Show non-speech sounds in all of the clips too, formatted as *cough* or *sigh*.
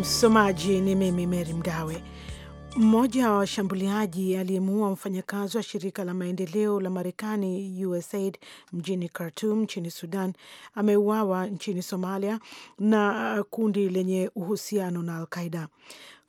Msomaji ni mimi Meri Mgawe. Mmoja wa washambuliaji aliyemuua mfanyakazi wa shirika la maendeleo la Marekani USAID mjini Khartum nchini Sudan ameuawa nchini Somalia na kundi lenye uhusiano na Alqaida.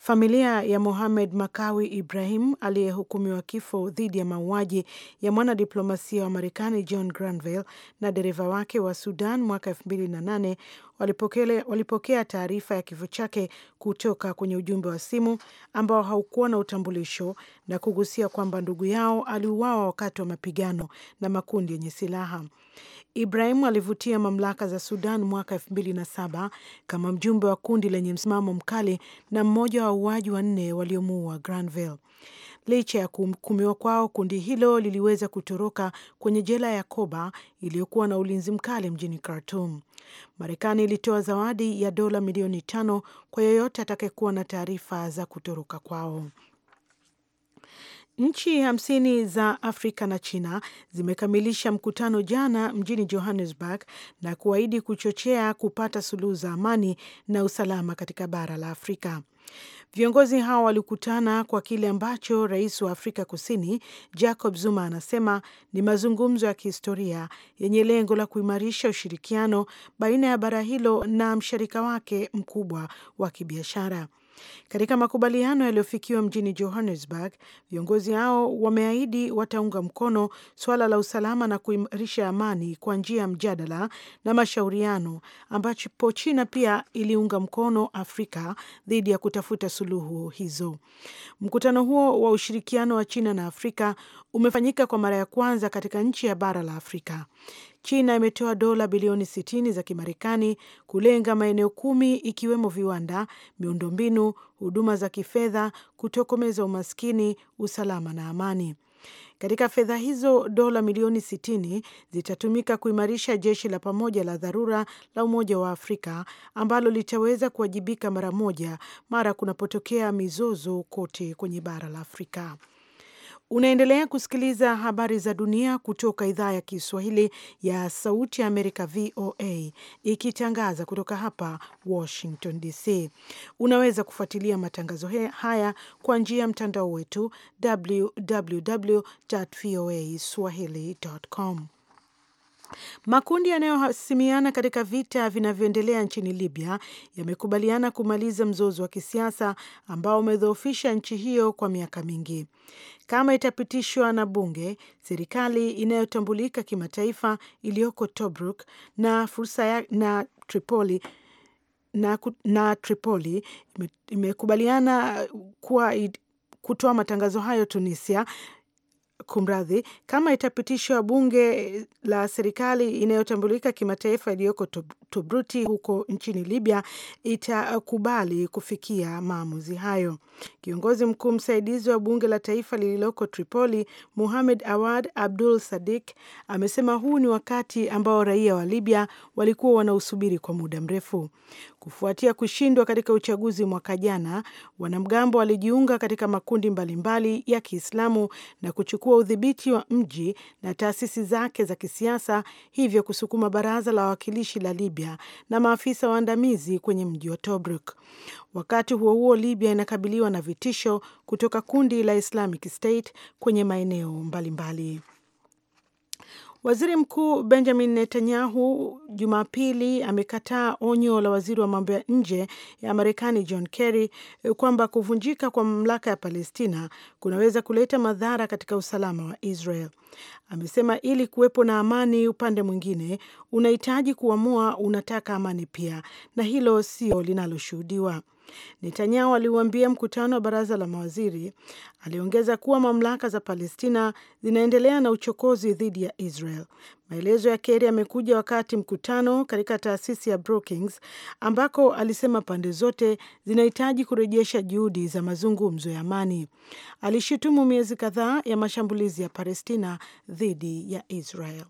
Familia ya Mohamed Makawi Ibrahim aliyehukumiwa kifo dhidi ya mauaji ya mwanadiplomasia wa Marekani John Granville na dereva wake wa Sudan mwaka elfu mbili na nane walipokea, walipokea taarifa ya kifo chake kutoka kwenye ujumbe wa simu ambao haukuwa na utambulisho na kugusia kwamba ndugu yao aliuawa wakati wa mapigano na makundi yenye silaha. Ibrahimu alivutia mamlaka za Sudan mwaka elfu mbili na saba kama mjumbe wa kundi lenye msimamo mkali na mmoja wa wauaji wanne waliomuua Granville. Licha ya kuhukumiwa kwao, kundi hilo liliweza kutoroka kwenye jela ya Koba iliyokuwa na ulinzi mkali mjini Khartum. Marekani ilitoa zawadi ya dola milioni tano kwa yeyote atakayekuwa na taarifa za kutoroka kwao. Nchi hamsini za Afrika na China zimekamilisha mkutano jana mjini Johannesburg na kuahidi kuchochea kupata suluhu za amani na usalama katika bara la Afrika. Viongozi hao walikutana kwa kile ambacho rais wa Afrika Kusini Jacob Zuma anasema ni mazungumzo ya kihistoria yenye lengo la kuimarisha ushirikiano baina ya bara hilo na mshirika wake mkubwa wa kibiashara. Katika makubaliano yaliyofikiwa mjini Johannesburg, viongozi hao wameahidi wataunga mkono suala la usalama na kuimarisha amani kwa njia ya mjadala na mashauriano, ambapo China pia iliunga mkono Afrika dhidi ya kutafuta suluhu hizo. Mkutano huo wa ushirikiano wa China na Afrika umefanyika kwa mara ya kwanza katika nchi ya bara la Afrika. China imetoa dola bilioni 60 za Kimarekani kulenga maeneo kumi ikiwemo viwanda, miundombinu, huduma za kifedha, kutokomeza umaskini, usalama na amani. Katika fedha hizo dola milioni 60 zitatumika kuimarisha jeshi la pamoja la dharura la Umoja wa Afrika ambalo litaweza kuwajibika mara moja mara kunapotokea mizozo kote kwenye bara la Afrika. Unaendelea kusikiliza habari za dunia kutoka idhaa ya Kiswahili ya Sauti ya Amerika, VOA, ikitangaza kutoka hapa Washington DC. Unaweza kufuatilia matangazo haya kwa njia ya mtandao wetu www voa swahili.com. Makundi yanayohasimiana katika vita vinavyoendelea nchini Libya yamekubaliana kumaliza mzozo wa kisiasa ambao umedhoofisha nchi hiyo kwa miaka mingi. Kama itapitishwa na bunge, serikali inayotambulika kimataifa iliyoko Tobruk na fursa ya, na Tripoli na, na Tripoli imekubaliana kuwa kutoa matangazo hayo Tunisia Kumradhi, kama itapitishwa bunge la serikali inayotambulika kimataifa iliyoko Tobruti huko nchini Libya itakubali kufikia maamuzi hayo. Kiongozi mkuu msaidizi wa bunge la taifa lililoko Tripoli, Muhamed Awad Abdul Sadik, amesema huu ni wakati ambao raia wa Libya walikuwa wanausubiri kwa muda mrefu. Kufuatia kushindwa katika uchaguzi mwaka jana, wanamgambo walijiunga katika makundi mbalimbali ya Kiislamu na kuchukua udhibiti wa mji na taasisi zake za kisiasa, hivyo kusukuma baraza la wawakilishi la Libya Libya na maafisa waandamizi kwenye mji wa Tobruk. Wakati huo huo, Libya inakabiliwa na vitisho kutoka kundi la Islamic State kwenye maeneo mbalimbali mbali. Waziri Mkuu Benjamin Netanyahu Jumapili amekataa onyo la waziri wa mambo ya nje ya Marekani John Kerry kwamba kuvunjika kwa mamlaka ya Palestina kunaweza kuleta madhara katika usalama wa Israel. Amesema ili kuwepo na amani, upande mwingine unahitaji kuamua unataka amani pia, na hilo sio linaloshuhudiwa. Netanyahu aliuambia mkutano wa baraza la mawaziri. Aliongeza kuwa mamlaka za Palestina zinaendelea na uchokozi dhidi ya Israel. Maelezo ya Kerry amekuja wakati mkutano katika taasisi ya Brookings ambako alisema pande zote zinahitaji kurejesha juhudi za mazungumzo ya amani. Alishutumu miezi kadhaa ya mashambulizi ya Palestina dhidi ya Israel.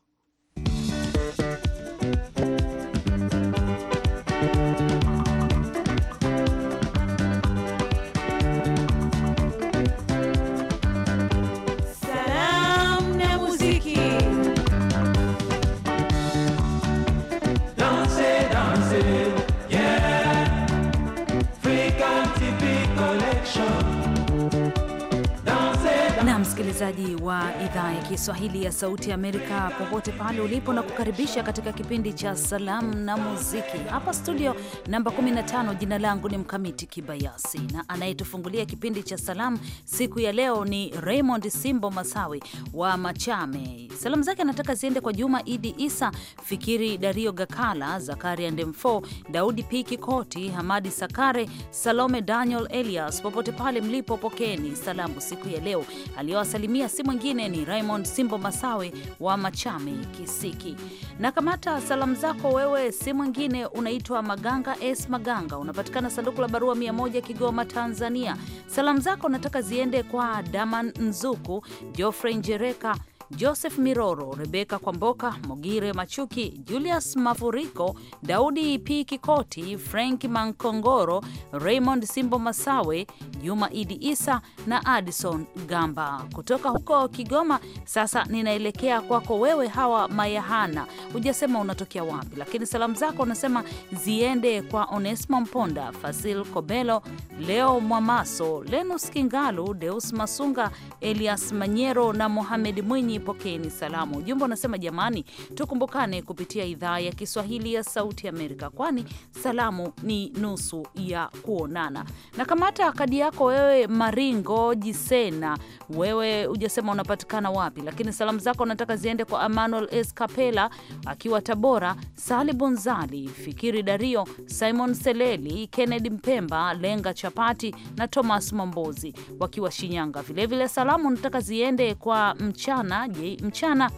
Kiswahili ya Sauti ya Amerika popote pale ulipo, na kukaribisha katika kipindi cha Salamu na Muziki hapa studio namba 15. Jina langu ni Mkamiti Kibayasi na anayetufungulia kipindi cha salamu siku ya leo ni Raymond Simbo Masawe wa Machame. Salamu zake anataka ziende kwa Juma Idi Isa, Fikiri Dario Gakala, Zakaria Ndemfo, Daudi P Kikoti, Hamadi Sakare, Salome Daniel Elias. Popote pale mlipo, pokeni salamu siku ya leo. Aliyowasalimia si mwingine ni Raymond Simbo Masawe wa Machame Kisiki. Na kamata salamu zako wewe, si mwingine unaitwa Maganga S Maganga, unapatikana sanduku la barua 100 Kigoma, Tanzania. Salamu zako nataka ziende kwa Daman Nzuku, Geoffrey Njereka, Joseph Miroro, Rebeka Kwamboka, Mogire Machuki, Julius Mafuriko, Daudi P Kikoti, Frank Mankongoro, Raymond Simbo Masawe, Juma Idi Isa na Addison Gamba. Kutoka huko Kigoma sasa ninaelekea kwako wewe Hawa Mayahana. Hujasema unatokea wapi, lakini salamu zako unasema ziende kwa Onesmo Mponda, Fasil Kobelo, Leo Mwamaso, Lenus Kingalu, Deus Masunga, Elias Manyero na Mohamed Mwinyi basi pokeeni salamu. Ujumbe unasema jamani, tukumbukane kupitia idhaa ya Kiswahili ya Sauti Amerika, kwani salamu ni nusu ya kuonana. Na kamata kadi yako wewe, Maringo Jisena, wewe hujasema unapatikana wapi, lakini salamu zako nataka ziende kwa Emmanuel S Kapela akiwa Tabora, Sali Bonzali, Fikiri Dario, Simon Seleli, Kennedy Mpemba, Lenga Chapati na Thomas Mambozi wakiwa Shinyanga. Vilevile salamu nataka ziende kwa Mchana maji mchana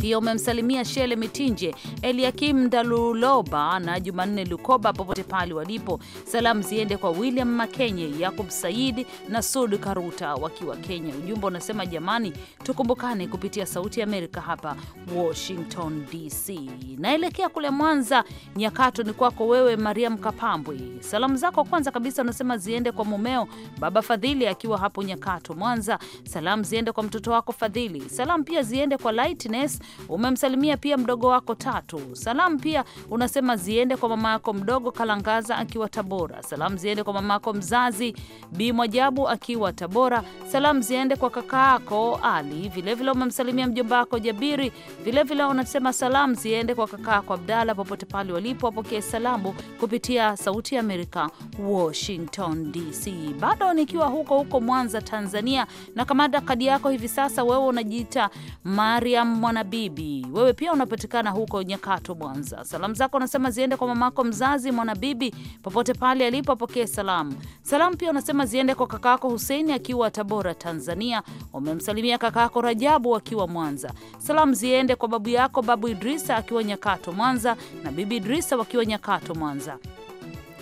pia umemsalimia Shele Mitinje, Eliakim Daluloba na Jumanne Lukoba popote pale walipo. Salamu ziende kwa William Makenye, Yakub Saidi na Sud Karuta wakiwa Kenya. Ujumbe unasema jamani, tukumbukane kupitia Sauti ya Amerika hapa Washington DC. Naelekea kule Mwanza Nyakato, ni kwako wewe Mariam Kapambwe. Salamu zako kwanza kabisa unasema ziende kwa mumeo Baba Fadhili akiwa hapo Nyakato Mwanza. Salamu ziende kwa mtoto wako Fadhili. Salamu pia ziende kwa Lightness Umemsalimia pia mdogo wako Tatu. Salamu pia unasema ziende kwa mama yako mdogo Kalangaza akiwa Tabora. Salamu ziende kwa mama yako mzazi Bi Mwajabu akiwa Tabora. Salamu ziende kwa kaka yako Ali. Vilevile umemsalimia mjomba wako Jabiri. Vilevile unasema salamu ziende kwa kaka yako Abdala popote pale walipo, wapokee salamu kupitia Sauti ya Amerika, Washington DC. Bado nikiwa huko huko Mwanza, Tanzania, na kamada kadi yako hivi sasa. Wewe unajiita Mariam Mwanabi Bibi, wewe pia unapatikana huko Nyakato, Mwanza. Salamu zako unasema ziende kwa mamako mzazi Mwanabibi popote pale alipo, apokee salamu. Salamu pia unasema ziende kwa kakaako Huseini akiwa Tabora, Tanzania. Umemsalimia kakaako Rajabu akiwa Mwanza. Salamu ziende kwa babu yako babu Idrisa akiwa Nyakato, Mwanza na bibi Idrisa wakiwa Nyakato, Mwanza.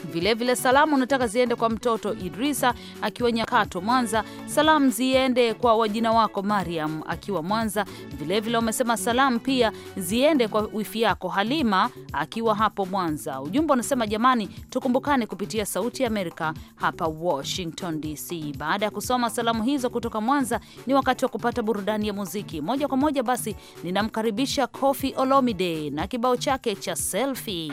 Vilevile vile salamu nataka ziende kwa mtoto Idrisa akiwa Nyakato Mwanza. Salamu ziende kwa wajina wako Mariam akiwa Mwanza. Vilevile wamesema salamu pia ziende kwa wifi yako Halima akiwa hapo Mwanza. Ujumbe unasema jamani, tukumbukane kupitia Sauti ya Amerika hapa Washington DC. Baada ya kusoma salamu hizo kutoka Mwanza, ni wakati wa kupata burudani ya muziki moja kwa moja. Basi ninamkaribisha Kofi Olomide na kibao chake cha selfie.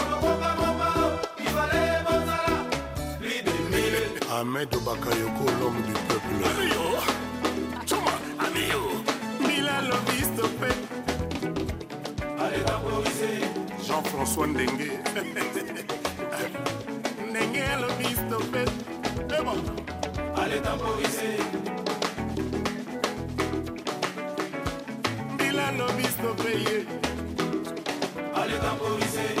Ahmed Bakayoko, l'homme du peuple. Amio. choma, amio. Mila Lobby stoppé. Allez vaporiser. Jean-François Ndengue. *laughs* Ndengue Lobby stoppé. C'est bon. Allez temporiser. Mila Lobby stoppé. Allez temporiser.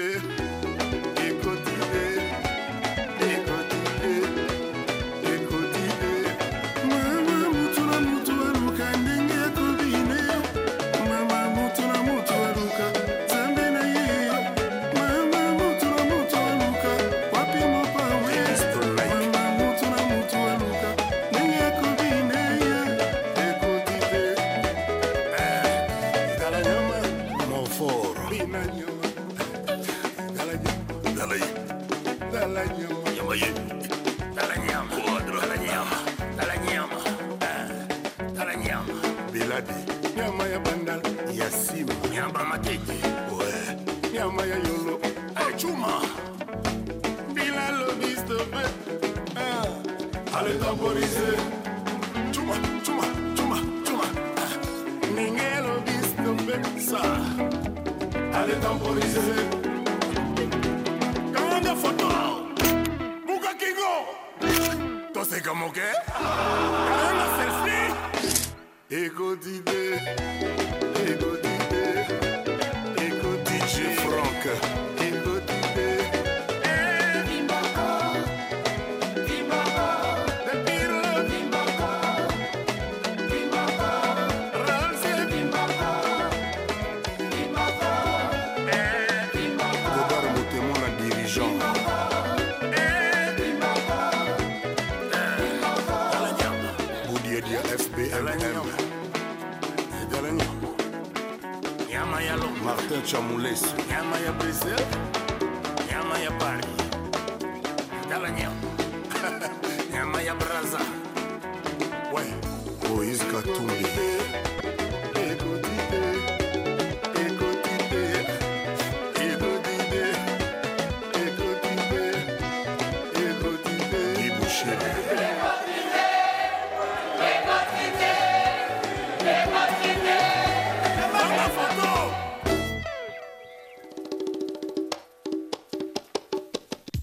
ça. Allez temporiser. Grande photo. Buga Kingo. Toi c'est comme ok? Grande selfie. Ego d'idée. Ego d'idée. Ego DJ Franck. чому лісі. Я моя Бразил, я моя парень, Давай не. *laughs* Я моя браза.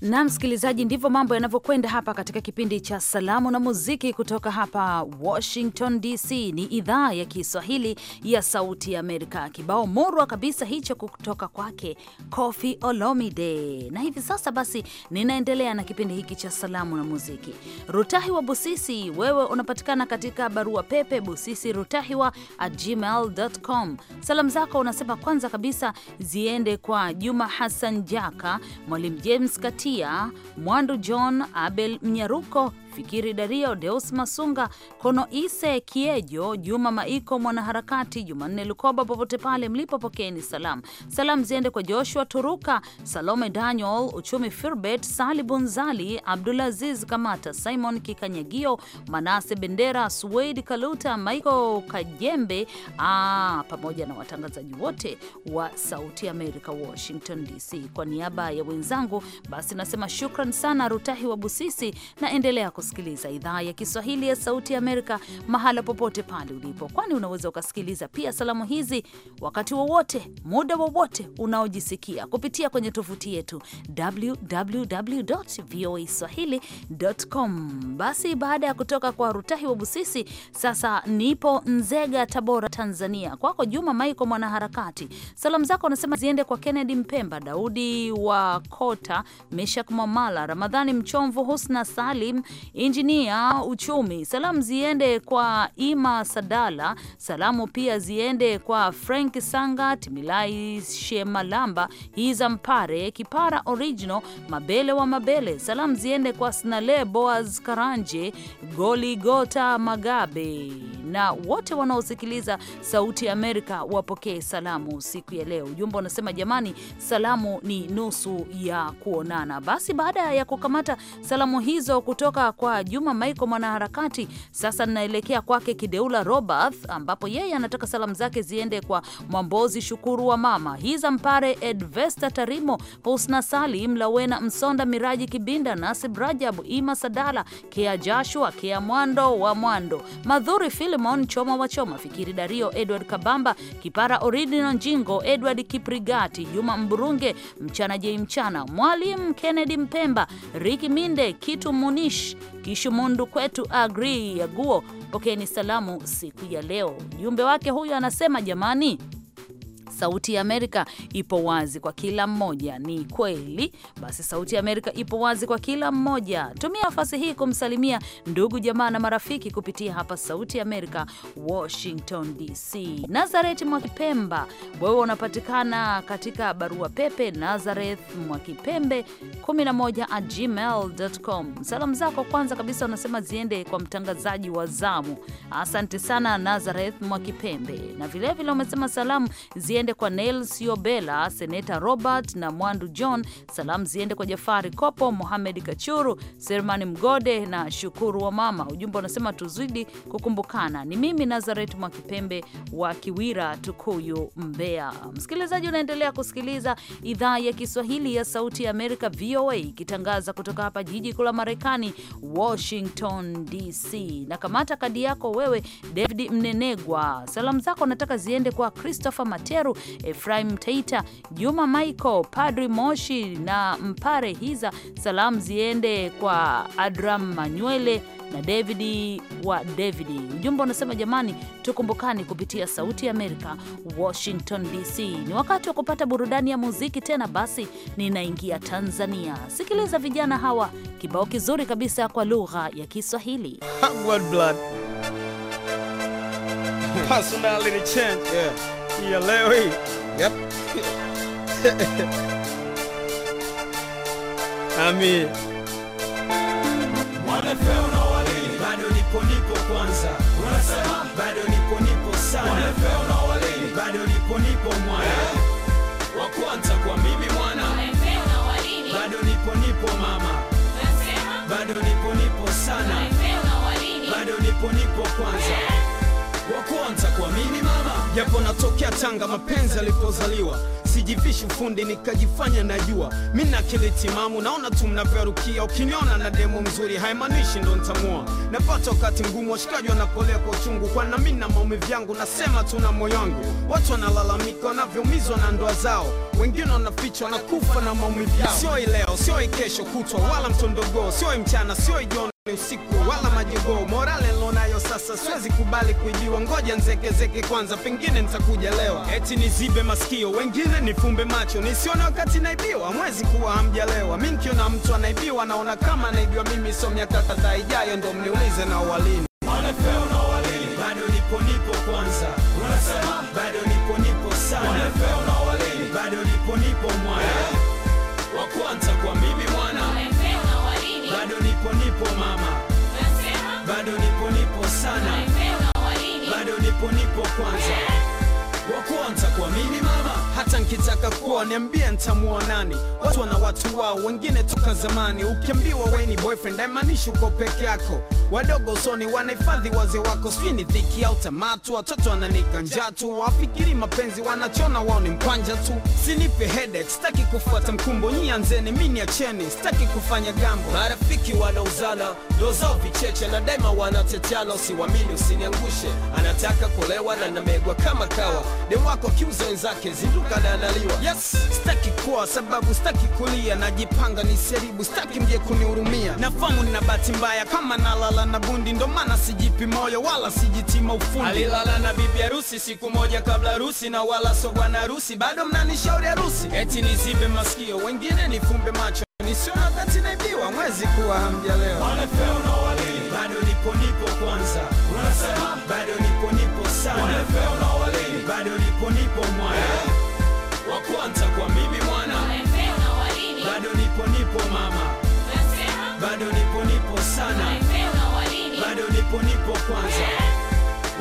Na msikilizaji, ndivyo mambo yanavyokwenda hapa katika kipindi cha salamu na muziki kutoka hapa Washington DC. Ni idhaa ya Kiswahili ya Sauti ya Amerika. Kibao murwa kabisa hicho kutoka kwake cofi Olomide. Na hivi sasa basi, ninaendelea na kipindi hiki cha salamu na muziki. Rutahi wa Busisi, wewe unapatikana katika barua pepe busisi rutahiwa at gmail.com. Salamu zako unasema kwanza kabisa ziende kwa Juma Hassan Jaka, Mwalimu James Kati pia Mwandu John Abel Mnyaruko Fikiri Dario, Deus Masunga, Kono Ise Kiejo, Juma Maiko, mwanaharakati Jumanne Lukoba, popote pale mlipo, mlipopokeeni salam. Salam ziende kwa Joshua Turuka, Salome Daniel, Uchumi Firbet, Sali Bunzali, Abdulaziz Kamata, Simon Kikanyagio, Manase Bendera, Suweid Kaluta, Maiko Kajembe, aa, ah, pamoja na watangazaji wote wa Sauti Amerika, Washington DC. Kwa niaba ya wenzangu, basi nasema shukran sana Rutahi wa Busisi na endelea unasikiliza idhaa ya Kiswahili ya Sauti Amerika mahala popote pale ulipo, kwani unaweza ukasikiliza pia salamu hizi wakati wowote, muda wowote unaojisikia kupitia kwenye tovuti yetu www voa swahili.com. Basi baada ya kutoka kwa Rutahi wa Busisi, sasa nipo Nzega, Tabora, Tanzania. Kwako Juma Maiko, mwanaharakati, salamu zako unasema ziende kwa Kennedy Mpemba, Daudi wa Kota, Meshak Mwamala, Ramadhani Mchomvu, Husna Salim, injinia uchumi. Salamu ziende kwa Ima Sadala, salamu pia ziende kwa Frank Sangat, Milai Shemalamba, Hiza Mpare, Kipara Original, Mabele wa Mabele. Salamu ziende kwa Snale Boaz Karanje, Goligota Magabe na wote wanaosikiliza Sauti ya Amerika wapokee salamu siku ya leo. Ujumbe unasema jamani, salamu ni nusu ya kuonana. Basi baada ya kukamata salamu hizo kutoka kwa kwa Juma Maiko mwanaharakati. Sasa ninaelekea kwake Kideula Robath, ambapo yeye anataka salamu zake ziende kwa Mwambozi Shukuru wa mama Hiza Mpare, Edvesta Tarimo, Husna Sali Mlawena, Msonda, Miraji Kibinda, Nasib Rajab, Ima Sadala, Kea Joshua, Kea Mwando wa Mwando, Madhuri Filimon, Choma wa Choma, Fikiri Dario, Edward Kabamba, Kipara Oridina Njingo, Edward Kiprigati, Juma Mburunge, Mchana Jei Mchana, Mwalimu Kennedy Mpemba, Riki Minde, Kitu Munish Kishumundu kwetu agri yaguo, pokeni salamu siku ya leo. Mjumbe wake huyu anasema, jamani Sauti ya Amerika ipo wazi kwa kila mmoja. Ni kweli basi, Sauti ya Amerika ipo wazi kwa kila mmoja. Tumia nafasi hii kumsalimia ndugu, jamaa na marafiki kupitia hapa Sauti ya Amerika, Washington DC. Nazareth Mwakipemba, wewe unapatikana katika barua pepe Nazareth Mwakipembe 11 gmail.com. Salamu zako kwanza kabisa unasema ziende kwa mtangazaji wa zamu. Asante sana Nazareth Mwakipembe, na vilevile umesema salamu ziende ziende kwa Nelsio Bela, Seneta Robert na Mwandu John. Salamu ziende kwa Jafari Kopo, Mohamed Kachuru, Sermani Mgode na Shukuru wa Mama. Ujumbe unasema tuzidi kukumbukana. Ni mimi Nazaret Mwakipembe wa Kiwira, Tukuyu, Mbeya. Msikilizaji, unaendelea kusikiliza idhaa ya Kiswahili ya Sauti ya Amerika, VOA, ikitangaza kutoka hapa jiji kuu la Marekani, Washington DC. Na kamata kadi yako wewe, David Mnenegwa. Salamu zako nataka ziende kwa Christopher Materu, Efraim Taita, Juma Michael, Padri Moshi na Mpare Hiza. Salamu ziende kwa Adram Manywele na david wa david Ujumbe unasema jamani, tukumbukani kupitia Sauti ya Amerika, Washington DC. Ni wakati wa kupata burudani ya muziki tena. Basi ninaingia Tanzania. Sikiliza vijana hawa, kibao kizuri kabisa kwa lugha ya Kiswahili. Personality change. Yeah siku Larry. yep. *laughs* Wanafeo na bado nipo nipo kwanza, unasema bado nipo nipo sana. Wanafeo na bado nipo nipo mwana wa kwanza kwa mimi mwana. Wanafeo na bado nipo nipo mama, unasema bado nipo nipo sana. Wanafeo na bado nipo nipo kwanza, wa kwanza kwa mimi mama japo natokea Tanga, mapenzi alipozaliwa sijivishi ufundi nikajifanya najua mi nakilitimamu naona tu mnavyorukia. Ukiniona na demo mzuri haimanishi ndo ntamua. Napata wakati mgumu, washikaji wanapolea kwa uchungu, kwana mi na maumivu yangu nasema tu na moyo wangu. Watu wanalalamika wanavyoumizwa na ndoa zao, wengine wanafichwa na kufa na maumivu yao. Sioi leo, sioi kesho kutwa, wala mtondogoo, sioi mchana, sioi jioni usiku wala majigo morale nilonayo sasa siwezi kubali kuijiwa ngoja nzekezeke kwanza, pengine nitakujalewa. Eti nizibe masikio, wengine nifumbe macho, nisione wakati naibiwa, mwezi kuwa hamjalewa. Mi nkiona mtu anaibiwa, naona kama naibiwa mimi, so miaka kadhaa ijayo ndo mniulize na uwalini nipo nipo kwanza, wa kwanza kwa mimi mama nikitaka kuwa niambie nitamuonani. Watu wana watu wao, wengine toka zamani. Ukiambiwa we ni boyfriend haimaanishi uko peke yako. Wadogo usoni wanahifadhi wazee wako, sijui ni dhiki au tamatu Watoto wananika njaa tu, wafikiri mapenzi wanachona wao ni mkwanja tu. Sinipe headache, sitaki kufuata mkumbo, nyi anzeni, mimi niacheni, sitaki kufanya gambo. Marafiki wanauzana, ndio zao vicheche na daima wanatetana usiwamini, usiniangushe. Anataka kulewa na namegwa kama kawa, dem wako kiuza wenzake, zinduka na nimeandaliwa yes. Staki kuwa sababu staki kulia, najipanga seribu staki mje kunihurumia. Nafamu nina bahati mbaya kama nalala na bundi, ndo maana sijipi moyo wala sijitima ufundi. Alilala na bibi harusi siku moja kabla harusi, na wala so bwana harusi, bado mnanishauri harusi, eti nizibe masikio, wengine nifumbe macho nisiona wakati naibiwa, mwezi kuwa hamjalewa. Bado nipo nipo kwanza, bado nipo nipo sana, bado nipo nipo mwana kwanza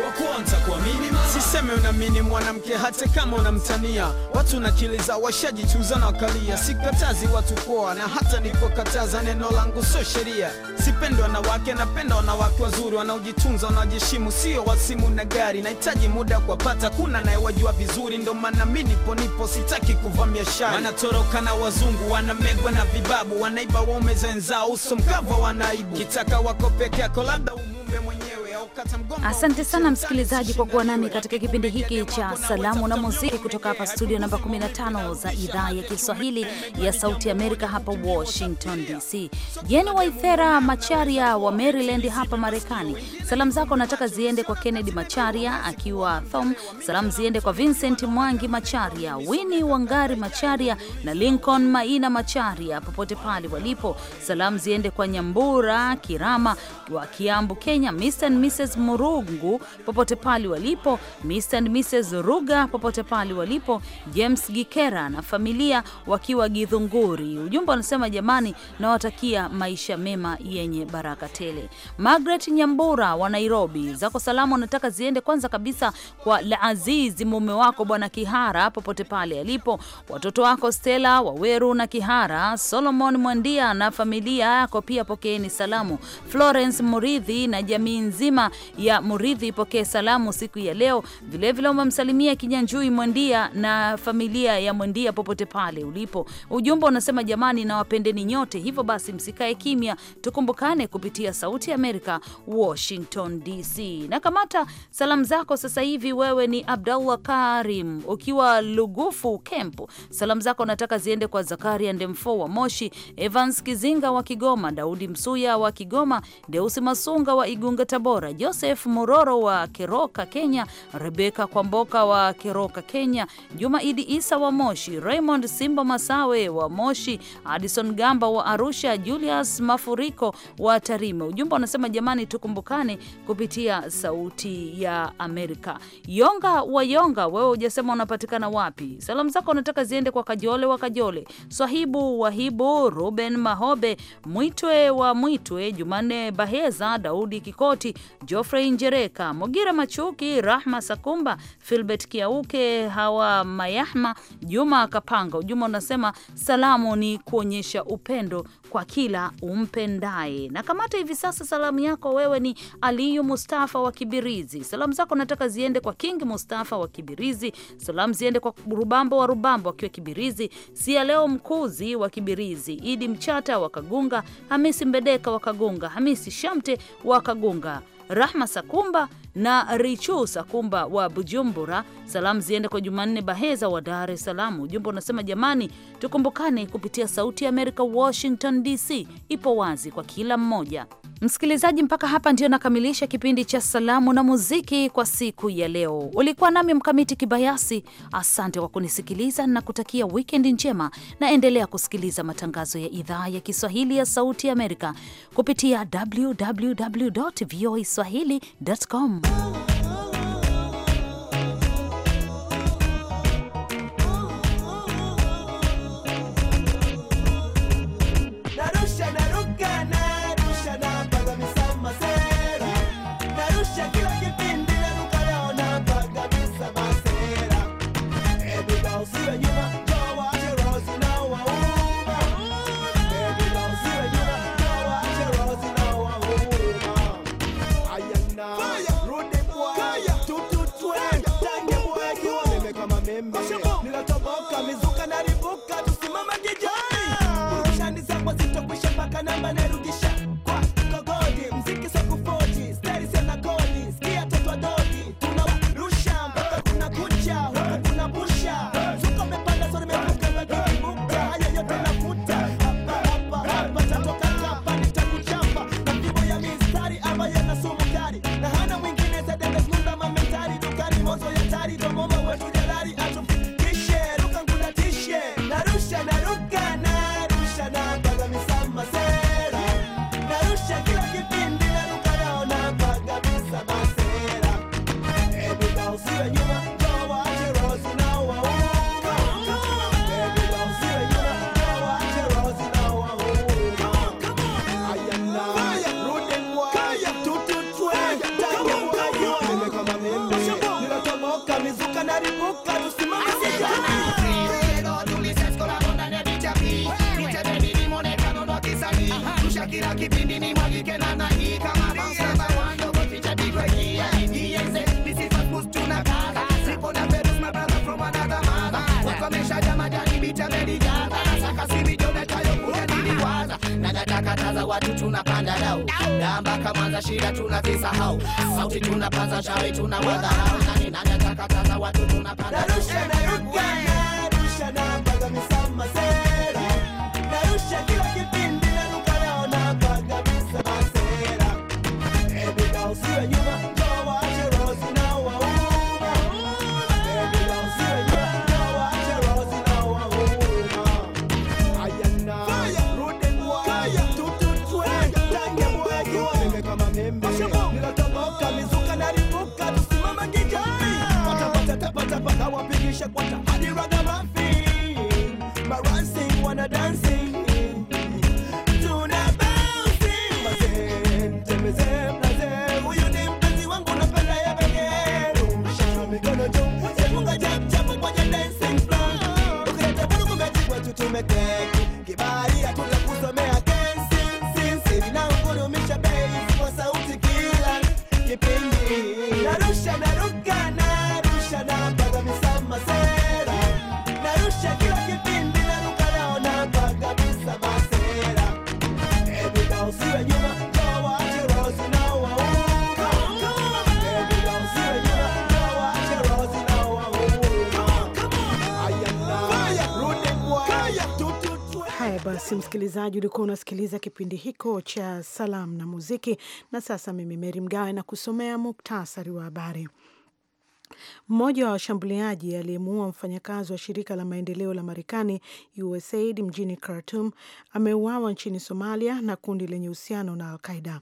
wa kwanza mimi mama. Siseme unamini mwanamke hata kama unamtania, watu nakiliza washajichuza na wakalia. Sikatazi watu poa, na hata nikokataza, neno langu sio sheria. Sipendi wanawake, napenda wanawake wazuri, wanaojitunza, wanaojiheshimu, sio wasimu na gari. Nahitaji muda kuwapata, kuna nayewajua vizuri, ndo maana mi nipo nipo, sitaki kuvamia shari. Wanatoroka na wazungu, wanamegwa na vibabu, wanaiba waume zenzao, uso mkava wanaibu, kitaka wako peke yako labda Asante sana msikilizaji kwa kuwa nami katika kipindi hiki cha salamu na muziki kutoka hapa studio namba 15 za idhaa ya Kiswahili ya Sauti Amerika hapa Washington DC. Jeni Waithera Macharia wa Maryland hapa Marekani, salamu zako nataka ziende kwa Kennedy Macharia akiwa Thom. Salamu ziende kwa Vincent Mwangi Macharia, wini Wangari Macharia na Lincoln Maina Macharia popote pale walipo. Salamu ziende kwa Nyambura Kirama wa Kiambu, Kenya, Mr. and Mrs. Mrs Murungu popote pale walipo, Mr and Mrs Ruga popote pale walipo, James Gikera na familia wakiwa gidhunguri Ujumbe wanasema jamani, nawatakia maisha mema yenye baraka tele. Margaret Nyambura wa Nairobi, zako salamu nataka ziende kwanza kabisa kwa azizi mume wako Bwana Kihara popote pale alipo, watoto wako Stella Waweru na Kihara, Solomon Mwandia na familia yako pia, pokeeni salamu. Florence Muridhi na jamii nzima ya Muridhi ipokee salamu siku ya leo. Vilevile umemsalimia Kinyanjui mwendia na familia ya mwendia popote pale ulipo. Ujumbe unasema jamani, nawapendeni nyote, hivyo basi msikae kimya, tukumbukane kupitia Sauti ya Amerika, Washington DC. Na kamata salamu zako sasa hivi, wewe ni Abdallah Karim ukiwa Lugufu Kempu. Salamu zako nataka ziende kwa Zakaria Ndemfo wa Moshi, Evans Kizinga wa Kigoma, Daudi Msuya wa Kigoma, Deusi Masunga wa Igunga Tabora, Joseph Mororo wa Keroka, Kenya, Rebeka Kwamboka wa Keroka, Kenya, Juma Idi Isa wa Moshi, Raymond Simba Masawe wa Moshi, Addison Gamba wa Arusha, Julius Mafuriko wa Tarime. Ujumbe unasema jamani, tukumbukane kupitia Sauti ya Amerika. Yonga wa Yonga, wewe hujasema unapatikana wapi. Salamu zako unataka ziende kwa Kajole wa Kajole, Swahibu Wahibu, Ruben Mahobe, Mwitwe wa Mwitwe, Jumanne Baheza, Daudi Kikoti, Geoffrey Njereka, Mogira Machuki, Rahma Sakumba, Filbert Kiauke, Hawa Mayahma, Juma Kapanga. Ujuma unasema salamu ni kuonyesha upendo kwa kila umpendaye. Na kamata hivi sasa salamu yako wewe, ni Aliyu Mustafa wa Kibirizi. Salamu zako nataka ziende kwa King Mustafa wa Kibirizi, salamu ziende kwa Rubambo wa Rubambo akiwa Kibirizi, Sia Leo Mkuzi wa Kibirizi, Idi Mchata wa Kagunga, Hamisi Mbedeka wa Kagunga, Hamisi Shamte wa Kagunga. Rahma Sakumba na Richu Sakumba wa Bujumbura. Salamu ziende kwa Jumanne Baheza wa Dar es Salaam. Ujumbe unasema jamani, tukumbukane kupitia Sauti ya Amerika, Washington DC ipo wazi kwa kila mmoja. Msikilizaji, mpaka hapa ndio nakamilisha kipindi cha salamu na muziki kwa siku ya leo. Ulikuwa nami Mkamiti Kibayasi, asante kwa kunisikiliza na kutakia wikendi njema, na endelea kusikiliza matangazo ya idhaa ya Kiswahili ya Sauti ya Amerika kupitia www voa swahili.com. samba, de chão. Ila tunazisahau sauti, tunapaza shauri, tuna wadharau nani nani atakataza watu tunapanda Basi msikilizaji, ulikuwa unasikiliza kipindi hiko cha salamu na muziki, na sasa mimi Meri Mgawe na kusomea muktasari wa habari. Mmoja wa washambuliaji aliyemuua mfanyakazi wa shirika la maendeleo la Marekani USAID mjini Khartum ameuawa nchini Somalia na kundi lenye uhusiano na Alqaida.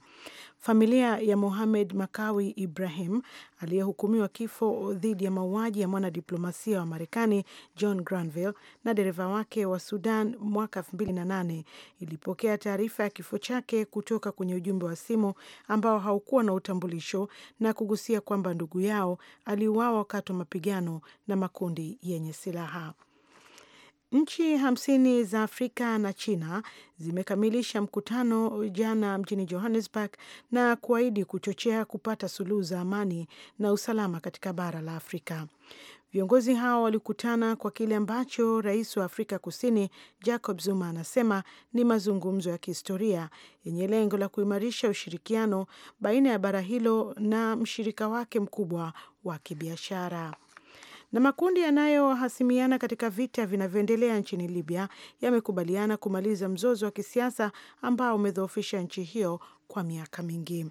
Familia ya Mohamed Makawi Ibrahim aliyehukumiwa kifo dhidi ya mauaji ya mwanadiplomasia wa Marekani John Granville na dereva wake wa Sudan mwaka 2008 ilipokea taarifa ya kifo chake kutoka kwenye ujumbe wa simu ambao haukuwa na utambulisho na kugusia kwamba ndugu yao aliuawa wakati wa mapigano na makundi yenye silaha. Nchi hamsini za Afrika na China zimekamilisha mkutano jana mjini Johannesburg na kuahidi kuchochea kupata suluhu za amani na usalama katika bara la Afrika. Viongozi hao walikutana kwa kile ambacho rais wa Afrika Kusini Jacob Zuma anasema ni mazungumzo ya kihistoria yenye lengo la kuimarisha ushirikiano baina ya bara hilo na mshirika wake mkubwa wa kibiashara. Na makundi yanayohasimiana katika vita vinavyoendelea nchini Libya yamekubaliana kumaliza mzozo wa kisiasa ambao umedhoofisha nchi hiyo kwa miaka mingi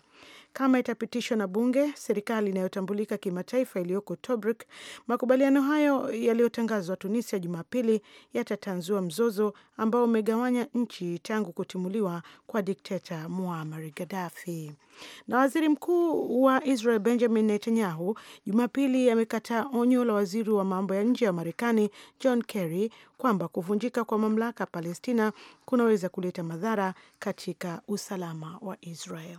kama itapitishwa na bunge, serikali inayotambulika kimataifa iliyoko Tobruk, makubaliano hayo yaliyotangazwa Tunisia Jumapili yatatanzua mzozo ambao umegawanya nchi tangu kutimuliwa kwa dikteta Muammar Gaddafi. Na waziri mkuu wa Israel Benjamin Netanyahu Jumapili amekataa onyo la waziri wa mambo ya nje wa Marekani John Kerry kwamba kuvunjika kwa mamlaka Palestina kunaweza kuleta madhara katika usalama wa Israel.